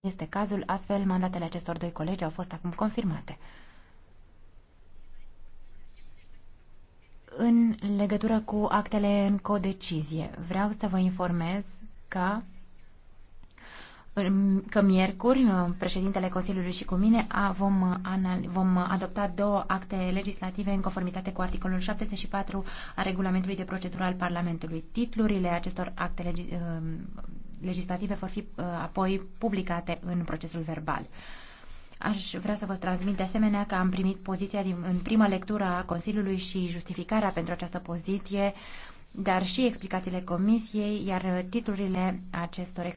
Este cazul, astfel mandatele acestor doi colegi au fost acum confirmate. În legătură cu actele în codecizie, vreau să vă informez că că miercuri uh, președintele Consiliului și cu mine a, vom, uh, anal, vom adopta două acte legislative în conformitate cu articolul 74 a regulamentului de procedură al Parlamentului. Titlurile acestor acte uh, legislative vor fi uh, apoi publicate în procesul verbal. Aș vrea să vă transmit de asemenea că am primit poziția din, în prima lectură a Consiliului și justificarea pentru această poziție, dar și explicațiile Comisiei, iar titlurile acestor